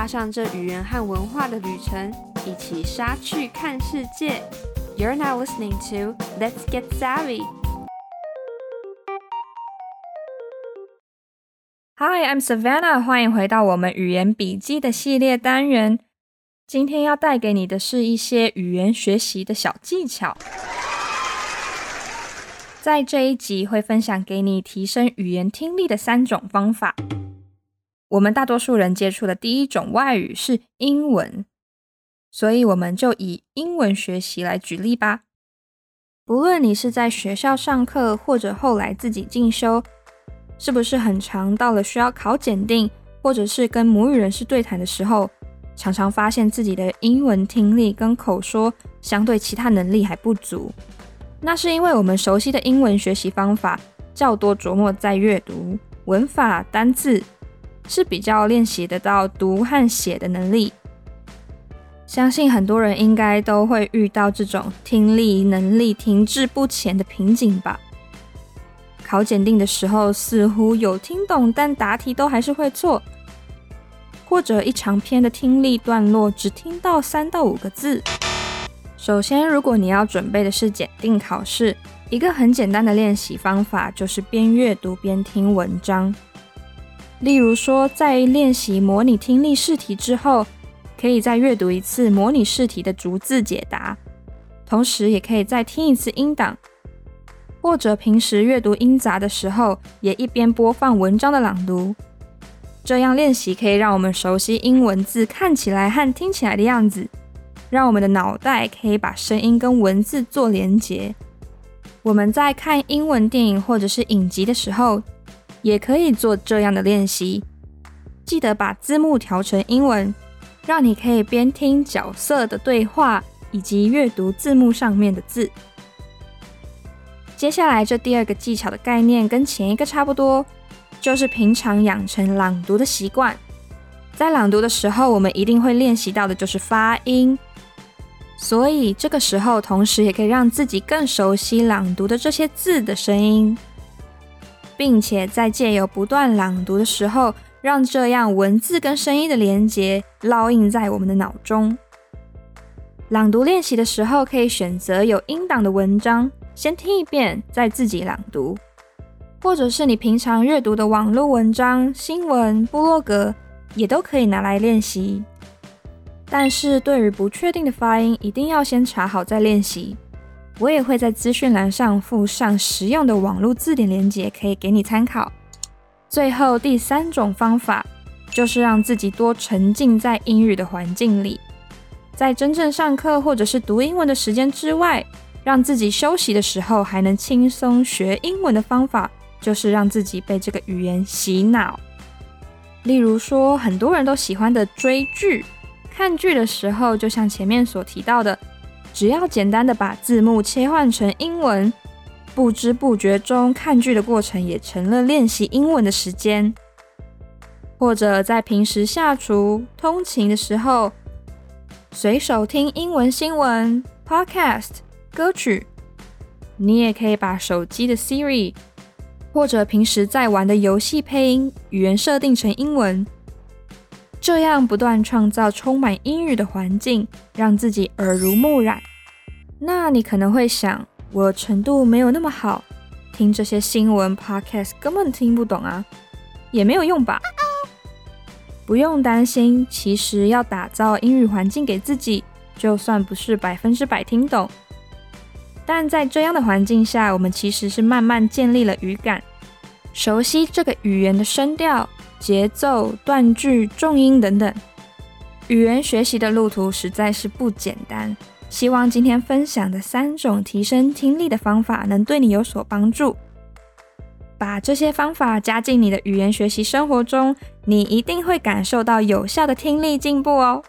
踏上這語言和文化的旅程，一起莎去看世界。You're now listening to Let's Get Savvy. Hi, I'm Savannah，歡迎回到我們語言筆記的系列單元。今天要帶給你的是一些語言學習的小技巧。在這一集會分享給你提升語言聽力的三種方法。我們大多數人接觸的第一種外語是英文，所以我們就以英文學習來舉例吧。不論你是在學校上課，或者後來自己進修，是不是很常到了需要考檢定，或者是跟母語人士對談的時候，常常發現自己的英文聽力跟口說相對其他能力還不足？那是因為我們熟悉的英文學習方法較多琢磨在閱讀、文法、單字。是比較練習得到讀和寫的能力。相信很多人應該都會遇到這種聽力能力停滯不前的瓶頸吧？考檢定的時候似乎有聽懂，但答題都還是會錯，或者一長篇的聽力段落只聽到三到五個字。首先，如果你要準備的是檢定考試，一個很簡單的練習方法就是邊閱讀邊聽文章。例如說，在練習模擬聽力試題之後，可以再閱讀一次模擬試題的逐字解答，同時也可以再聽一次音檔，或者平時閱讀英雜的時候，也一邊播放文章的朗讀。這樣練習可以讓我們熟悉英文字看起來和聽起來的樣子，讓我們的腦袋可以把聲音跟文字做連接。我們在看英文電影或者是影集的時候，也可以做這樣的練習，記得把字幕調成英文，讓你可以邊聽角色的對話，以及閱讀字幕上面的字。接下來這第二個技巧的概念跟前一個差不多，就是平常養成朗讀的習慣。在朗讀的時候，我們一定會練習到的就是發音，所以這個時候同時也可以讓自己更熟悉朗讀的這些字的聲音。並且在借由不斷朗讀的時候，讓這樣文字跟聲音的連結烙印在我們的腦中。朗讀練習的時候，可以選擇有音檔的文章，先聽一遍再自己朗讀；或者是你平常閱讀的網絡文章、新聞、部落格，也都可以拿來練習。但是對於不確定的發音，一定要先查好再練習。我也會在資訊欄上附上實用的網絡字典連接，可以給你參考。最後，第三種方法就是讓自己多沉浸在英語的環境裡，在真正上課或者是讀英文的時間之外，讓自己休息的時候還能輕鬆學英文的方法，就是讓自己被這個語言洗腦。例如說，很多人都喜歡的追劇，看劇的時候，就像前面所提到的。只要簡單的把字幕切換成英文，不知不覺中看劇的過程也成了練習英文的時間。或者在平時下廚、通勤的時候，隨手聽英文新聞、Podcast、歌曲，你也可以把手機的 Siri 或者平時在玩的遊戲配音語言設定成英文，這樣不斷創造充滿英語的環境，讓自己耳濡目染。那你可能會想，我程度沒有那麼好，聽這些新聞 podcast 根本聽不懂啊，也沒有用吧？嗯、不用擔心，其實要打造英語環境給自己，就算不是百分之百聽懂，但在這樣的環境下，我們其實是慢慢建立了語感，熟悉這個語言的聲調、節奏、斷句、重音等等。語言學習的路途實在是不簡單。希望今天分享的三種提升聽力的方法能對你有所幫助。把這些方法加進你的語言學習生活中，你一定會感受到有效的聽力進步哦。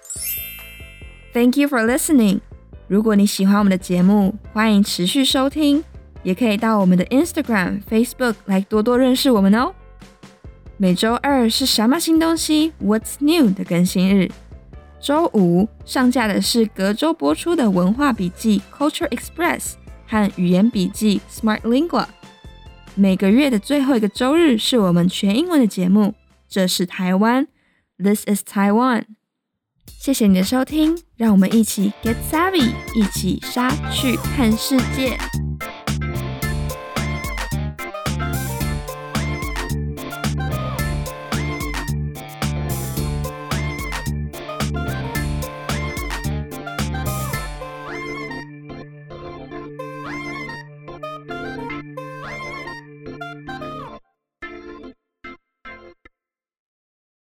Thank you for listening。如果你喜歡我們的節目，歡迎持續收聽，也可以到我們的 Instagram、Facebook 來多多認識我們哦。每周二是什麼新東西？What's new 的更新日。週五上架的是隔週播出的文化筆記《Culture Express》和語言筆記《Smart Lingua》。每個月的最後一個週日是我們全英文的節目，這是台灣，《This is Taiwan》。謝謝你的收聽，讓我們一起 Get Savvy，一起莎去看世界。